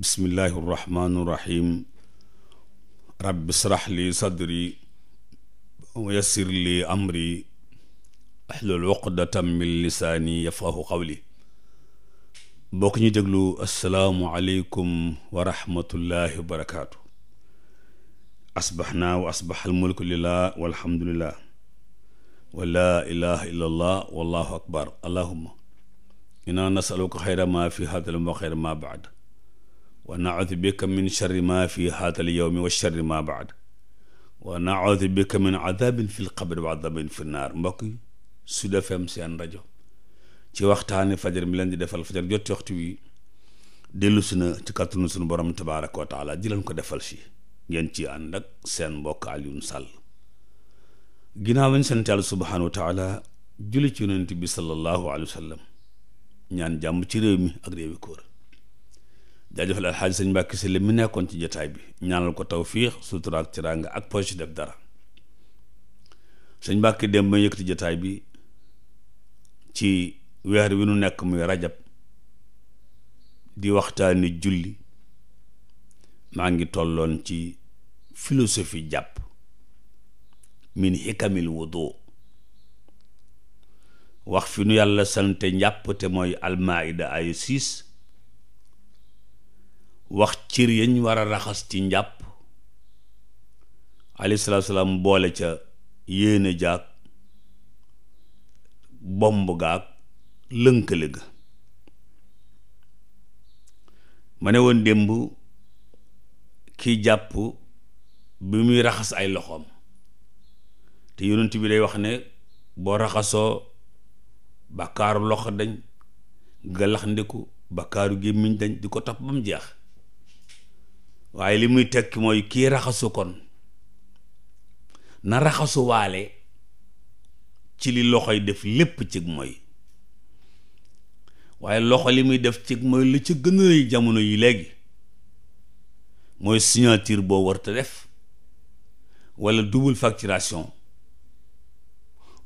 bismillahi irrahmani irrahim rabbi srah li sadri wa yassir li amri ahlul uqdatam min lisaani yafqahu qawli bokk ñu déglu assalaamu aleykum wa rahmatullahi wa barakaatu asbaxnaa wa asbax almulku lillah walhamdulillah wa laa ilaha illa allah wallahu akbar allahuma inna nasaluka xayra ma fi hada wa xayra ma baad wa naudu bika min sharri ma fi haatal yowmi wa sharri ma baad wa naudu bika min adabin fi lqabri wa adabin fi naar mbokk Sud FM seen rajo ci waxtaani fajar mi leen di defal fajar jotti waxtu wi dellu si na ci kàttanu sunu borom tabaaraka wa taala di leen ko defal si ngeen ci ànd ak seen mbokk Alioune Sall ginnaaw lañ sant Yàlla subhaanahu wa taala julli ci yonent bi sallallahu alayhi wa sallam ñaan jàmm ci réew mi ak réewi kóor jaajëfal alxaaji sëñ Mbàkke si li mu nekkoon ci jotaay bi ñaanal ko tawfiix sutura ak ràng ak poche def dara sëñ Mbàkke dem ba yëkkati jotaay bi ci weer wi nu nekk muy rajab di waxtaani julli maa ngi tolloon ci philosophie jàpp min hikamil wudu wax fi nu yàlla sante njàpp te mooy almaida ay siis wax cir yañ war a raxas ci njàpp alayhi salaatu salaam boole ca yéene jàpp bomb gaag lënkale ga ma ne woon démb kiy jàpp bi muy raxas ay loxoom te yonent bi day wax ne boo raxasoo bàkkaaru loxo dañ galax ndiku bàkkaaru gémmiñ dañ di ko topp ba mu jeex waaye li muy tekki mooy kii raxasu kon na raxasuwaale ci li loxo yi def lépp cig mooy waaye loxo li muy def cig mooy lu ci gën a jamono yi léegi mooy signature boo warta def wala double facturation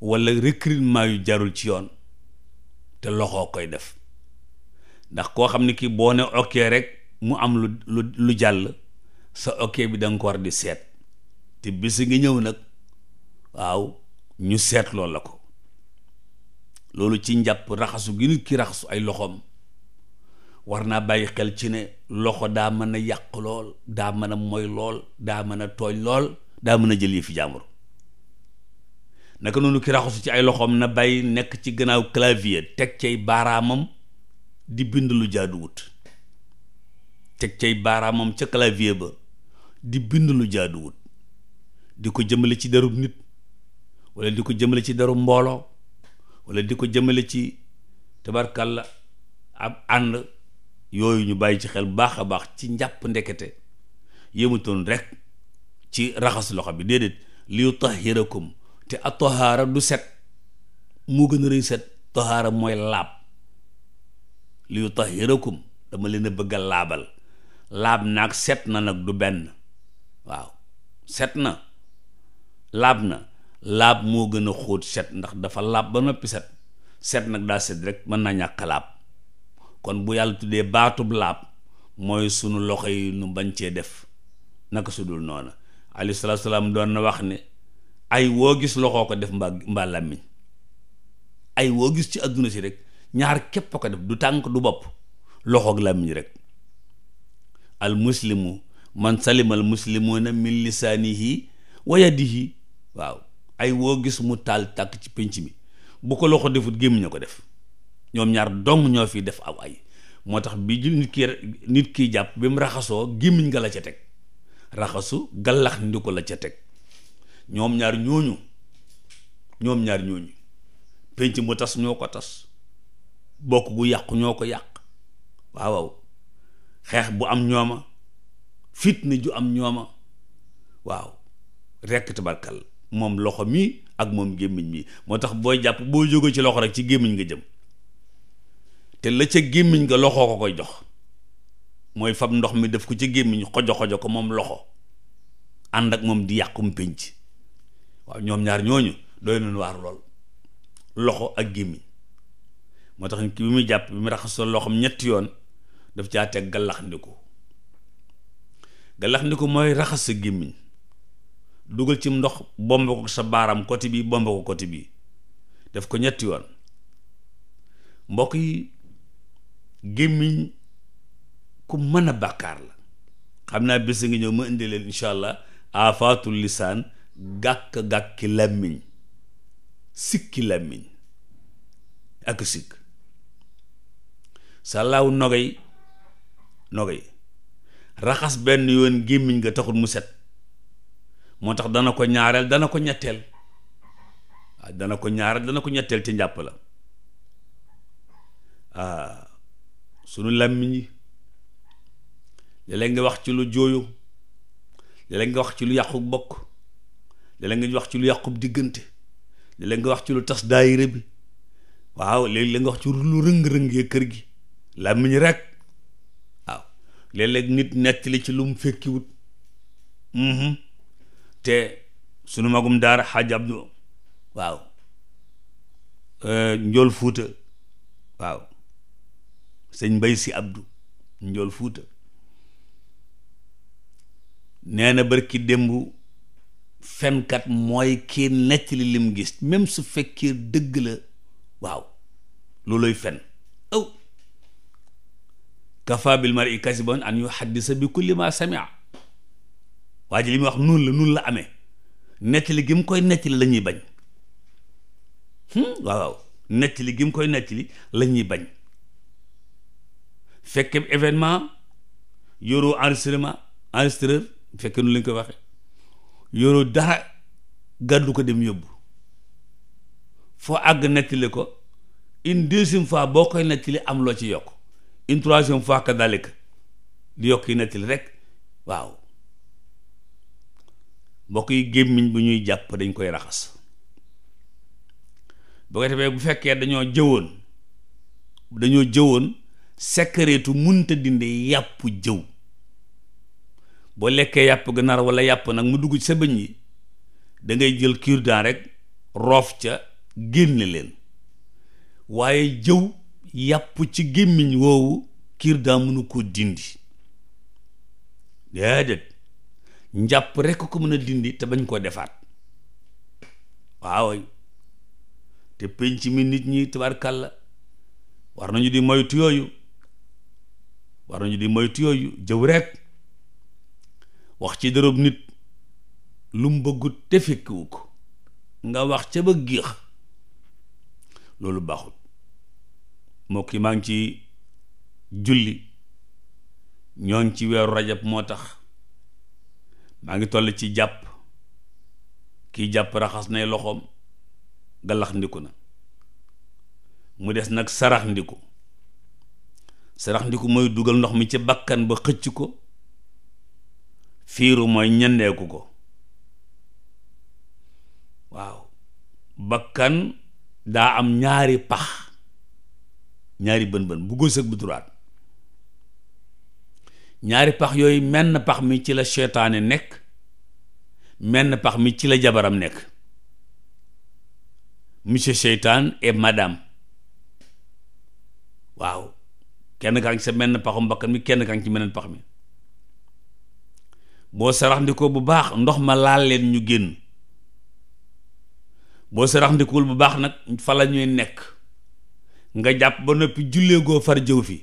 wala recrutement yu jarul ci yoon te loxoo koy def ndax koo xam ne kii boo ne okkee rek mu am lu lu lu jàll sa ok bi da ko war di seet te bis ngi ñëw nag waaw ñu seet loolu la ko loolu ci njàpp raxasu gi nit ki raxasu ay loxoom war naa bàyyi xel ci ne loxo daa mën a yàq lool daa mën a moy lool daa mën a tooñ lool daa mën a jël yi fi jàmbur naka noonu ki raxasu ci ay loxoom na bàyyi nekk ci gannaaw clavier teg cay baaraamam di bind lu jaaduwut teg cay baaraamam ca clavier ba di bind lu jaaduwut di ko jëmale ci derub nit walla di ko jëmale ci derub mbooloo walla di ko jëmale ci la ab ànd yooyu ñu bàyyi ci xel baax a baax ci njàpp ndekete yëmutoon rek ci raxas loxo bi déedéet liyu tahirakum te a tahaara du set moo gën a rëy set tahaara mooy laab liyu tahirakum dama leen a laabal laab na ak set na nag du benn waaw set na laab na laab moo gën a xóot set ndax dafa laab ba noppi set set nag daa set rek mën na ñàkk laab kon bu yàlla tuddee baatub laab mooy sunu loxo yi nu bañ cee def naka su dul noona alayhi salaam doon na wax ne ay woo gis loxoo ko def mbaa mbaa làmmiñ ay woo gis ci àdduna si rek ñaar képp ko def du tànk du bopp loxoog làmmiñ rek al muslimu man salima al muslimuuna min lisaanihi wa yadihi waaw ay woo gis mu taal tàkk ci pénc mi bu ko loxo defut gémmiñ a ko def ñoom ñaar dong ñoo fi def aw ay moo tax bi nit ki nit kiy jàpp bi mu raxasoo gémmiñ nga la ca teg raxasu gallax la ca teg ñoom ñaar ñooñu ñoom ñaar ñooñu pénc mu tas ñoo ko tas bokk gu yàqu ñoo ko yàq waaw waaw xeex bu am ñooma fit fitna ju am ñooma waaw rekk tabarkal moom loxo mi ak moom gémmiñ mi moo tax booy jàpp boo jógee ci loxo rek ci gémmiñ nga jëm te la ca gémmiñ nga loxoo ko koy jox mooy fab ndox mi def ko ci gémmiñ xojo xojo ko moom loxo ànd ak moom di yàqum ci waaw ñoom ñaar ñooñu doy nañu waar lool loxo ak gémmiñ moo tax ki bi muy jàpp bi mu raxasoo loxoom ñetti yoon def caa teg gallax ndiku mooy raxas sa gémmiñ dugal ci ndox bomb ko sa baaram côté bi bomb ko côté bi def ko ñetti yoon mbokk yi gémmiñ ku mën a bàkkaar la xam naa bés ngi ñëw ma indi leen incha allah afaatul lisaan gàkk-gàkki làmmiñ sikki làmmiñ ak sikk sa laaw nogay noo yi raxas benn yoon gémmiñ nga taxul mu set moo tax dana ko ñaareel dana ko ñetteel ah, dana ko ñaareel dana ko ñetteel ci njàpp la ah, sunu làmmiñ yi léeg-léeg nga wax ci lu jooyo léeg-léeg nga wax ci lu yàqu bokk léeg-léeg nga wax ci lu yàqub diggante léeg-léeg nga wax ci lu tas daayira bi waaw léeg-léeg nga wax ci lu rëng-rëngee kër gi làmmiñ rek léeg nit nettali ci lu mu fekkiwut mhm. te sunu magum daar xaj abdu waaw euh, njool fuuta waaw sëñ mbay si abdu njool fuuta neena na démb fenkat mooy kii nettali lim gis même su fekkee dëgg la waaw looloy fen kafa bil mar'i kasiban an ñu yuhaddisa bi kulli ma sami'a waa ji li muy wax noonu la noonu la amee nettali gi mu koy nettali lañuy bañ hmm, waaw waaw nettali koy nettali la ñuy bañ fekk événement yoroo enregistrement enregistreur fekk nu la ñu koy waxe yoroo dara gàddu ko dem yóbbu foo àgg nettali ko une deuxième fois boo koy nettali am loo ci yokk une troisième fois di yokk yi rek waaw mbokk yi gémmiñ bu ñuy jàpp dañ koy raxas boo ko defee bu fekkee dañoo jëwoon dañoo jëwoon sekkareetu munta dinde yàpp jëw boo lekkee yàpp ganaar wala yàpp nag mu dugg ci sa bëñ yi dangay jël cure rek roof ca génne leen waaye jëw yàpp ci gémmiñ woowu kiir daa mënu ko dindi déedéet njàpp rekk ko mën a dindi te bañ koo defaat waaw te penc mi nit ñi tabarkàlla war nañu di moytu yooyu war nañu di moytu yooyu jëw rekk wax ci dërëb nit lu mu bëggut te fekkiwu ko nga wax ca ba géex loolu baaxul mbokk yi maa ngi ci julli ñooñ ci weeru rajab moo tax maa ngi toll ci jàpp kii jàpp raxas nay loxoom galax na mu des nag saraxndiku ndiku sarax mooy dugal ndox mi ci bakkan ba xëcc ko fiiru mooy ñendeeku ko waaw bakkan daa am ñaari pax ñaari bën-bën bu gauche ak bu droite ñaari pax yooyu menn pax mi ci la seytaane nekk menn pax mi ci la jabaram nekk monsieur seytaan et madame waaw kenn kaa ngi sa menn paxu bakkan mi kenn kaa ngi ci meneen pax mi boo saraxndikoo bu baax ndox ma laal leen ñu génn boo saraxndikul bu baax nag fa la ñuy nekk nga jàpp ba noppi jullee goo far jëw fi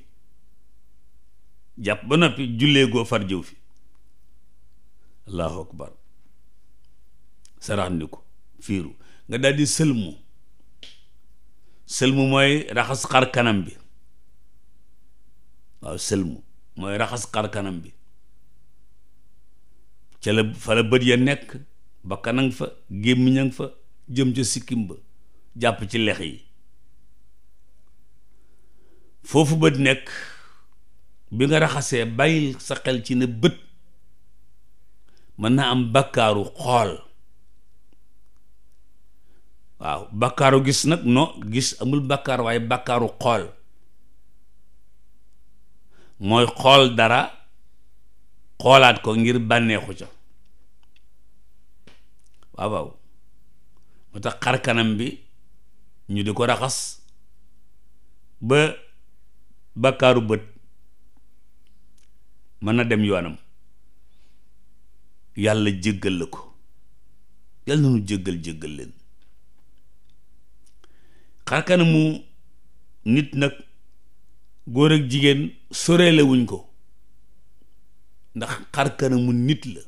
jàpp ba noppi jullee goo far jëw fi allahu akbar saraxandiku fiiru nga daal di sëlmu sëlmu mooy raxas xar kanam bi waaw raxas xar kanam bi ca la fa la bët ya nekk ba kanang fa gémmiñang fa jëm ca sikkim ba jàpp ci lex yi foofu bët nekk bi nga raxasee bàyyil sa xel ci ne bët mën na am bakkaaru xool waaw bakkaaru gis nag no gis amul bakkaar waaye bakkaaru xool mooy xool dara xoolaat ko ngir bànneexu ca waaw waaw moo tax xar kanam bi ñu di ko raxas ba bàkkaaru bët mën na dem yoonam yàlla jéggal la ko yàlla na nu jéggal jéggal leen xarkanamu nit nag góor ak jigéen soreele ko ndax xarkanamu nit la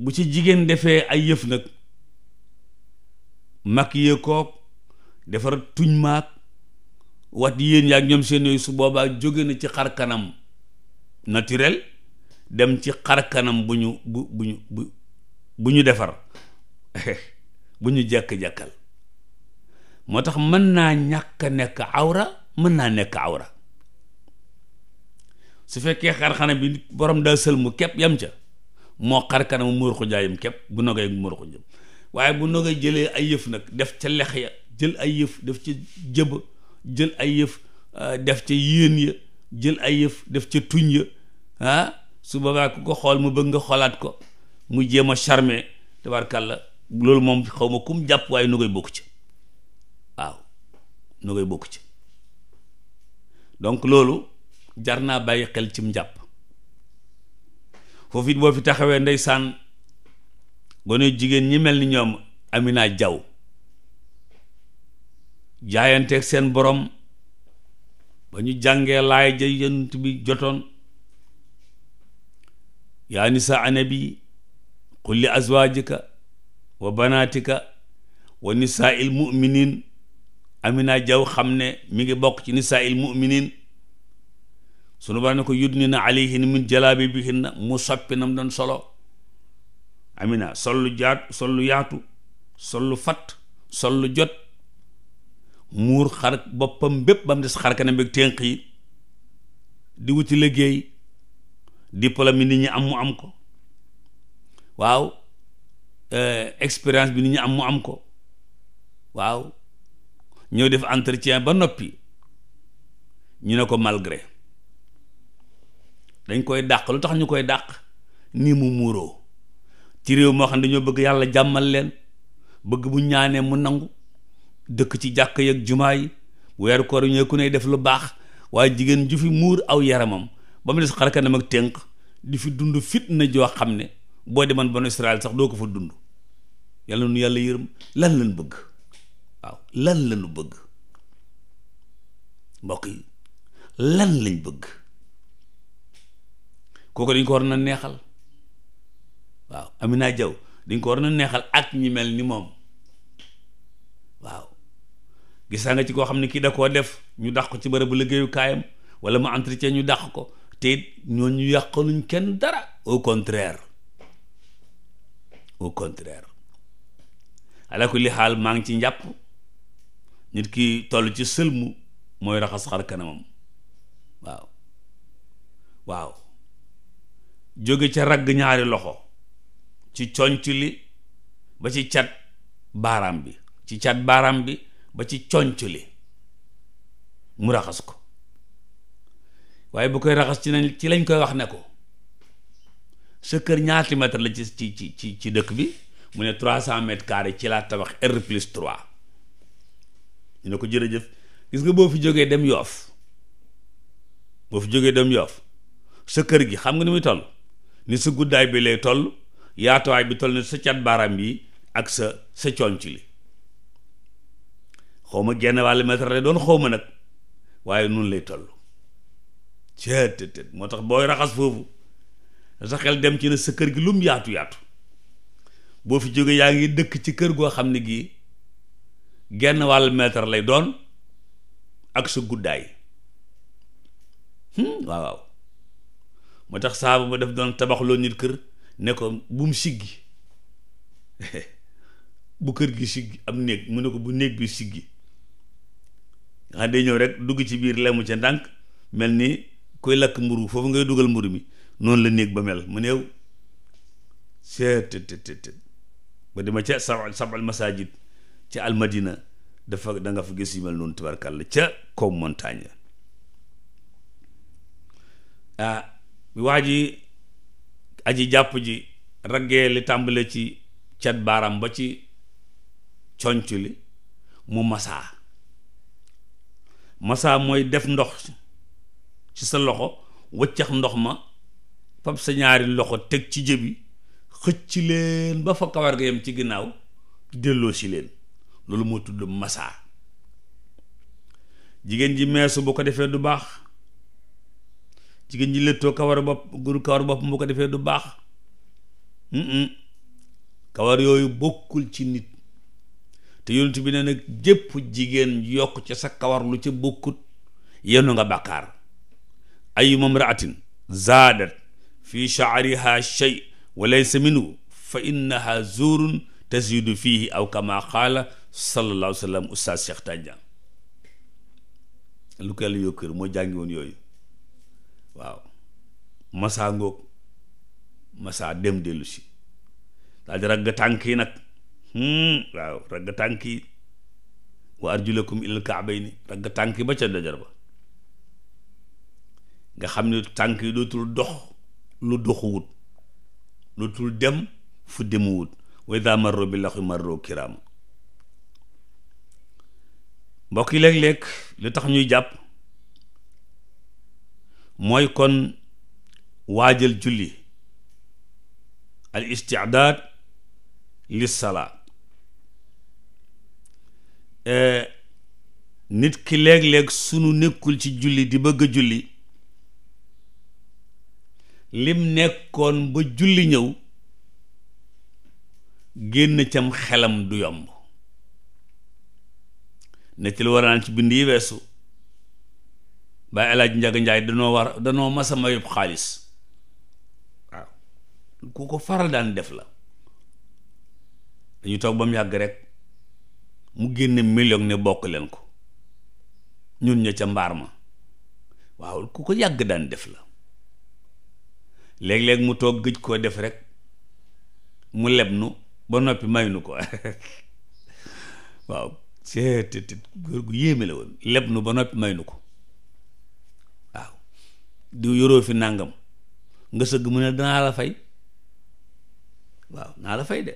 bu ci jigéen defee ay yëf nag mag yee koog defar tuñ maag wat yéen yaag ñoom seen yooyu su boobaa jóge na ci xar kanam naturel dem ci xar kanam bu ñu bu ñu bu ñu defar bu ñu jekk-jekkal moo tax mën naa ñàkk nekk awra mën naa nekk awra su fekkee xar kanam bi borom daa sël mu képp yam ca moo xar kanam muur jaayam képp bu nogay muur ko jëm waaye bu nogay jëlee ay yëf nag def ca lex ya jël ay yëf def ca jëb jël ay yëf euh, def ca yéen ya jël ay yëf def ca tuñ ya ah, su boobaa ku ko xool mu bëgg nga xoolaat ko mu jéem a charmer tabarkàlla loolu moom xaw ma kum jàpp waaye nu koy bokk ci waaw nu koy bokk ci donc loolu jar naa bàyyi xel cim jàpp foofu it boo fi taxawee ndeysaan gone jigéen ñi mel ni ñoom Amina Jaw jaayanteeg seen borom ba ñu jàngee laay ja bi jotoon yaa nisa anabi qul li azwaajika wa banaatika wa nisaa il muminin amina jaw xam ne mi ngi bokk ci nisaa il muminin sunu bara ne ko yudnina alayhin min jalaabi bihinna mu soppi nam doon solo amina sollu jaat sollu yaatu sollu fat sollu jot muur xar boppam bépp ba mu des xar kanam beeg ténq yi di wuti liggéey diplôme yi nit ñi am mu am ko waaw euh, expérience bi nit ñi am mu am ko waaw ñoo def entretien ba noppi ñu ne ko malgré dañ koy dàq lu tax ñu koy dàq nii mu muuroo ci réew moo xam ne dañoo bëgg yàlla jàmmal leen bëgg bu ñaanee mu nangu dëkk ci jàkk yeeg jumaa yi weeru koor ku ne def lu baax waaye jigéen ju fi muur aw yaramam ba mu ak tënk di fi dund fitna joo xam ne boo demoon banu sax doo ko fa dund yàlla yàlla yërëm lan lañ bëgg waaw lan lañu yi lan lañ bëgg kooku dañ ko war na neexal waaw Amina Jaw dañ ko war na neexal ak ñi mel ni moom waaw gisaa nga ci koo xam ne kii da koo def ñu dàq ko ci bërëbu liggéeyukaayam wala mu entretien ñu dàq ko te it ñooñu yàqaluñ kenn dara au contraire au contraire ala xaal maa ngi ci njàpp nit ki toll ci sëlmu mooy raxas xar kanamam waaw waaw jóge ca ragg ñaari loxo ci conc li ba ci cat baaraam bi ci cat baaraam bi ba ci conc li mu raxas ko waaye bu koy raxas ci nañ ci lañ koy wax ne ko sa kër ñaati mètre la ci ci ci ci dëkk bi mu ne trois cent mètres carrés ci laa tabax R plus trois ñu ne ko jërëjëf gis nga boo fi jógee dem yoof boo fi jógee dem yoof sa kër gi xam nga ni muy toll ni sa guddaay bi lay toll yaatuwaay bi toll ni sa cat baaraam yi ak sa sa conc li xaw ma genn wàll mètre lay doon xaw ma nag waaye nun lay toll cët tët moo tax booy raxas foofu sa xel dem ci ne sa kër gi lum yaatu yaatu boo fi jógee yaa ngi dëkk ci kër goo xam ne gii genn wàll meetar lay doon ak sa guddaay hmm, waaw waaw moo tax saabu ba def doon tabaxloo nit kër ne ko bu mu siggi bu kër gi siggi am néeg mu ne ko bu néeg bi siggi nga xam day ñëw rek dugg ci biir lemu ca ndànk mel ni kuy lakk mburu foofu ngay dugal mburu mi noonu la néeg ba mel mu néew seet ba dama ca sab sabal masajid ci almadina dafa da nga fa gis yu mel noonu tubarkàlla ca kaw montagne ah bi waa ji aji jàpp ji raggee li tàmbale ci cat baaram ba ci conc li mu masaa masaa mooy def ndox ci sa loxo wëccax ndox ma fab sa ñaari loxo teg ci jëbi xëcc leen ba fa kawar ga ci ginnaaw delloo si leen loolu moo tudd masaa jigéen ji meesu bu ko defee du baax jigéen ji lëttoo kawar bopp guru kawar bopp bu ko defee du baax kawar yooyu bokkul ci nit te yonent jëpp jigéen yokk ci sa kawar ca bokkut yenu nga bàkkaar ayuma mraatin zaadat fi shaariha shay wa laysa minhu fa aw kama qaala sallallahu alayhi wa sallam yooyu waaw masaa ngoog masaa dem dellu si daal di ragg tànk yi nag Hmm. waaw ragg tànk yi wa arjulakum ilal kaabayni ragg tànk yi ba ca dajar ba nga xam ne tànk yi dootul dox lu doxuwut dootul dem fu demuwut wa idaa marru bi laxwi marru kiraam mbokk yi li tax ñuy jàpp mooy kon waajal julli al istiadaad lis salaa Euh, nit ki léeg-léeg sunu nekkul ci julli di bëgg julli lim nekkoon ba julli ñëw génn cam xelam du yomb nekk lu war naan ci bind yi weesu bàyyi alaaj njaga njaay danoo war danoo masa mayub xaalis waaw ku ko faral daan def la dañu toog ba mu yàgg rek mu génne million ne bokk leen ko ñun ña ca mbaar ma waaw ku ko yàgg daan def la léeg-léeg mu toog gëj koo def rek mu leb nu ba noppi may nu ko waaw gu yéeme nu ba noppi may nu ko waaw du yoroo fi nàngam nga sëgg mu ne danaa la fay waaw naa la fay de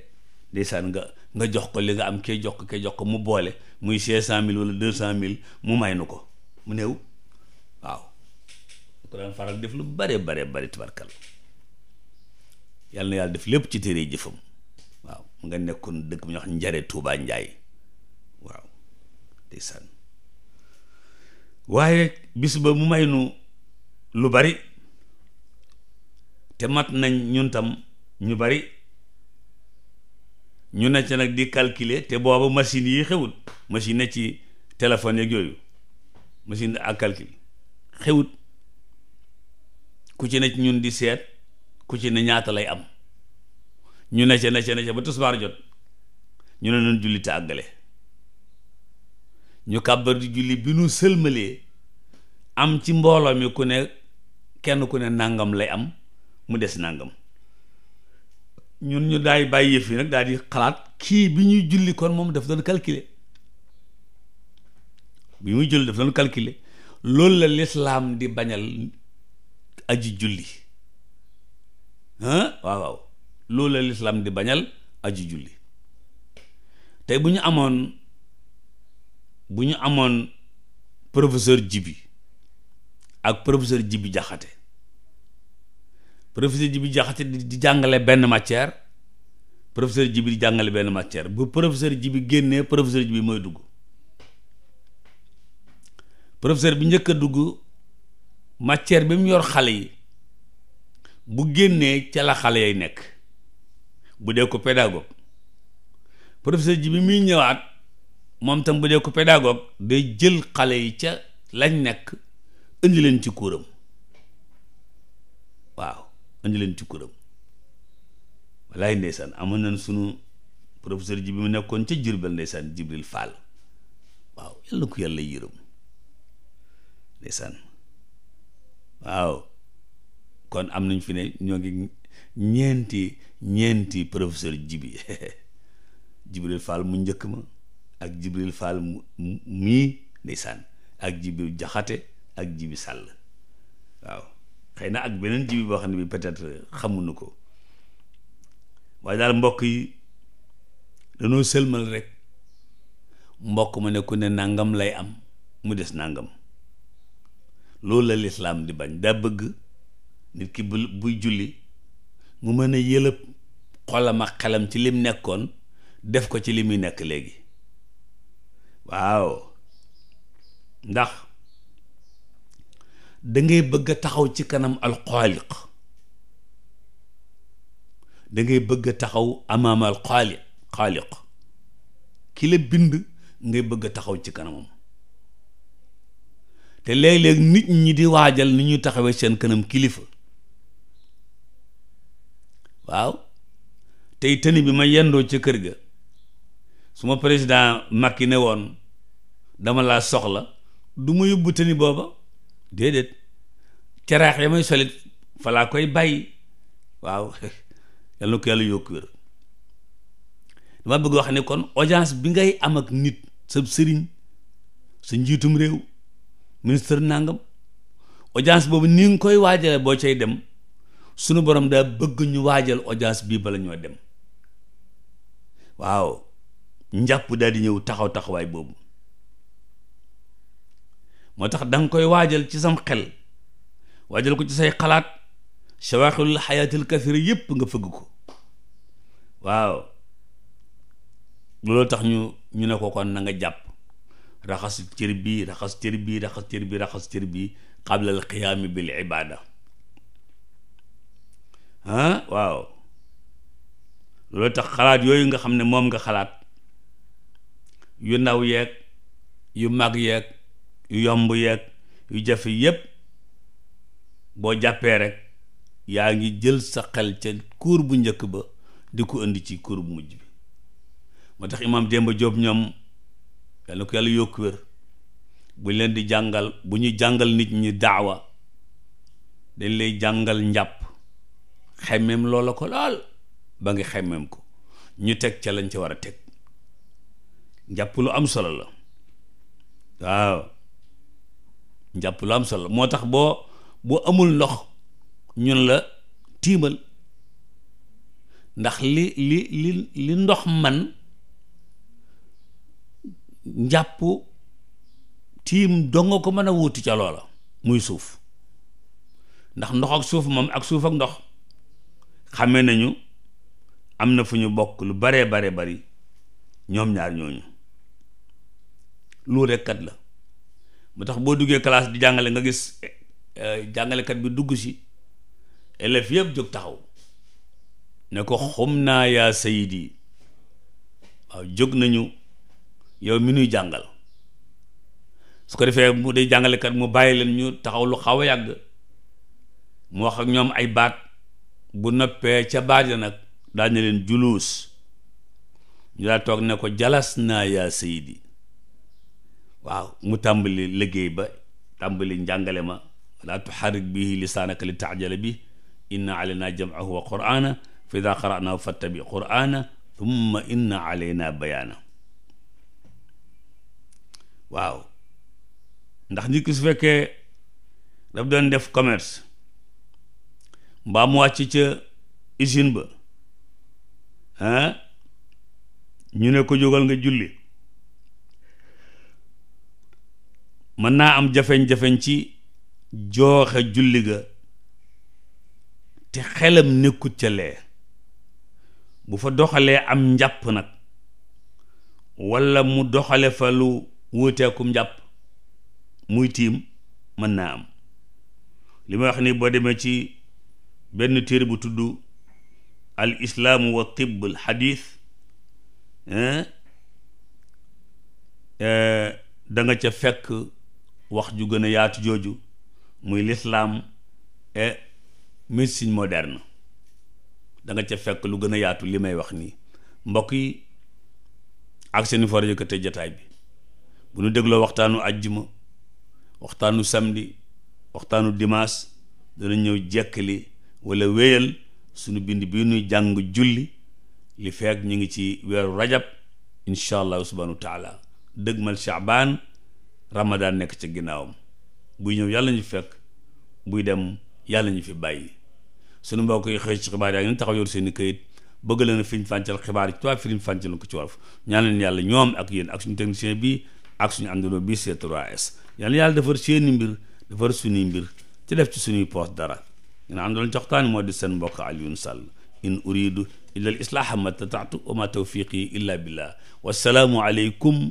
ndeysaan nga nga jox ko li nga am kee jox ko kee jox ko mu boole muy cinq cent mille wala deux cent mille mu may nu ko mu néew waaw ko daan faral def lu bare bare bari tubarkal yàlla na yàlla def lépp ci téere jëfam waaw mu nga nekkoon dëkk bu ñuy wax njare Tuubaa Njaay waaw ndeysaan waaye bis ba mu may nu lu bari te mat nañ ñun tam ñu bari ñu ne ca nag di calculer te booba machine yi xewut machine ne ci téléphone yeeg yooyu machine ak calcul xewut ku ci ne ci ñun di seet ku ci ne ñaata lay am ñu ne ca ne ca ne ca jot ñu ne nañ julli ñu kàbbar di julli bi nu sëlmalee am ci mbooloo mi ku ne kenn ku ne nàngam lay am mu des nàngam ñun ñu daay bàyyi yëf yi nag daal di xalaat kii bi ñuy julli kon moom daf doon calculer bi muy julli daf doon calculer loolu la lislaam di bañal aji julli waaw waaw loolu la lislaam di bañal aju julli tey bu ñu amoon bu ñu amoon professeur Jibi ak professeur Jibi Jaxate professeur Djibi Diakhaté di jàngale benn matière professeur Djibi di jàngale benn matière bu professeur Djibi génnee professeur Djibi mooy dugg professeur bi njëkk a dugg matière bi mu yor xale yi bu génnee ca la xale yay nekk bu dee ko pédagogue professeur Djibi muy ñëwaat moom tam bu dee ko pédagogue day jël xale yi ca lañ nekk indi leen ci kuuram andi leen tukkuram walaay ndeysaan amoon nañ sunu professeur ji bi mu nekkoon ca Jurbel ndeysaan Jibril Fall waaw yàlla ko yàlla yërëm ndeysaan waaw kon am nañ fi ne ñoo ngi ñeenti ñeenti professeur jibi Jibril Fall mu njëkk ma ak Jibril Fall mu mii ndeysaan ak Jibril Jaxate ak Jibi Sàll waaw xëy na ak beneen jibi boo xam ne bi peut xamunu ko waaye daal mbokk yi dañoo sëlmal rek mbokk ma ne ku ne nangam lay am mu des nangam loolu la lislaam di bañ daa bëgg nit ki bu buy julli mu mën a yëlëb xolam ak xelam ci lim nekkoon def ko ci li muy nekk léegi waaw ndax da ngay bëgg a taxaw ci kanam alxaaliq dangay bëgg a taxaw amaam alxaaliq xaaliq ki la bind ngay bëgg a taxaw ci kanamam te léeg-léeg nit ñi di waajal ni ñuy taxawee seen kanam kilifa waaw tey tëni bi ma yendoo ca kër ga su ma président Macky ne woon dama laa soxla du ma yóbbu tëni booba déedéet caraax ya may solit falaa koy bàyyi waaw yal na ko yàlla yokk wér dama bëgg wax ne kon audience bi ngay am ak nit sa sëriñ sa njiitum réew ministre nàngam audience boobu ni nga koy waajale boo cay dem sunu borom daa bëgg ñu waajal audience bii bala ñoo dem waaw njàpp daal di ñëw taxaw taxawaay boobu moo tax danga koy waajal ci sam xel waajal ko ci say xalaat shawaaxilul xayaatil kathira yépp nga fëgg ko waaw loolu tax ñu ñu ne ko kon na nga jàpp raxas cër bi raxas cër bi raxas cër bi raxas cër bi qabla al qiyaami bil ibaada ah waaw loolu tax xalaat yooyu nga xam ne moom nga xalaat yu ndaw yeeg yu mag yeeg yomb yeeg yu jafe yépp boo jàppee rek yaa ngi jël sa xel ca kuur bu njëkk ba di ko indi ci kuur bu mujj bi moo tax imaam Demba Diop ñoom yàlla na ko yàlla yokk wér bu leen di jàngal bu ñu jàngal nit ñi daawa dañ lay jàngal njàpp xemeem loola ko lool ba ngi xemmeem ko ñu teg ca lañ ca war a teg njàpp lu am solo la waaw njàpp lu am solo moo tax boo boo amul ndox ñun la tiimal ndax li li li li ndox man njàpp tiim dong ko mën a wuti caloo la muy suuf ndax ndox ak suuf moom ak suuf ak ndox xàmme nañu am na fu ñu bokk lu baree bare bari ñoom ñaar ñooñu lu rekkat la mu tax boo duggee classe di jàngale nga gis eh, jàngalekat bi dugg si élèves yëpp jóg taxaw ne ko xum naa yaa sayidi waaw jóg nañu yow mi nuy jàngal su ko defee mu day jàngalekat mu bàyyi leen ñu taxaw lu xaw a yàgg mu wax ak ñoom ay baat bu noppee ca baat ya nag daal ne leen juluus ñu daal toog ne ko jalas naa yaa sayidi waaw mu tàmbali liggéey ba tàmbali njàngale ma laa tuxarik bihi lisaanaka li taajala bi inna alayna jam'ahu wa qur'ana fa ida qara'nahu fattabi qur'ana thumma inna alayna bayaana waaw ndax nit ki fekkee daf doon def commerce mbaa mu wàcc ca usine ba ah ñu ne ko jógal nga julli mën naa am jafeñ-jafeñ ci jooxe julli ga te xelam nekkut ca lee bu fa doxalee am njàpp nag walla mu doxale fa lu wuuteekum njàpp muy tiim mën naa am li ma wax ni boo demee ci benn téere bu tudd al islaam wa tibb al xadiis eh, eh, da ca fekk wax ju gën a yaatu jooju muy lislaam et médecine moderne da ca fekk lu gën a yaatu li may wax nii mbokk yi ak seeni for yëkkate jataay bi bu ñu dégloo waxtaanu ajjuma waxtaanu samedi waxtaanu dimaas dana ñëw jekkali wala wéyal sunu bind bi nuy jàng julli li fekk ñu ngi ci weeru rajab incha allahu subhanahu taala dëgmal chaabaan ramadaan nekk ci ginnaawam buy ñëw yàlla ñu fekk buy dem yalla ñu fi bàyyi sunu mbokk yi xëy ci xibaar yaa ngi taxaw yor seen i këyit bëgg leen a fiñ fàncal xibaar yi tubaab fiñ fàncal ko ci wolof ñaan leen yàlla ñoom ak yéen ak suñu technicien bi ak suñu àndandoo bi C3S yàlla yàlla defar seeni mbir defar suñuy mbir ci def ci suñuy poos dara ñuna àndoon joxtaan moo di seen mbokk yun Sall in uridu illa al islaaha ma tataatu wa ma tawfiqi illa billah wassalaamu aleykum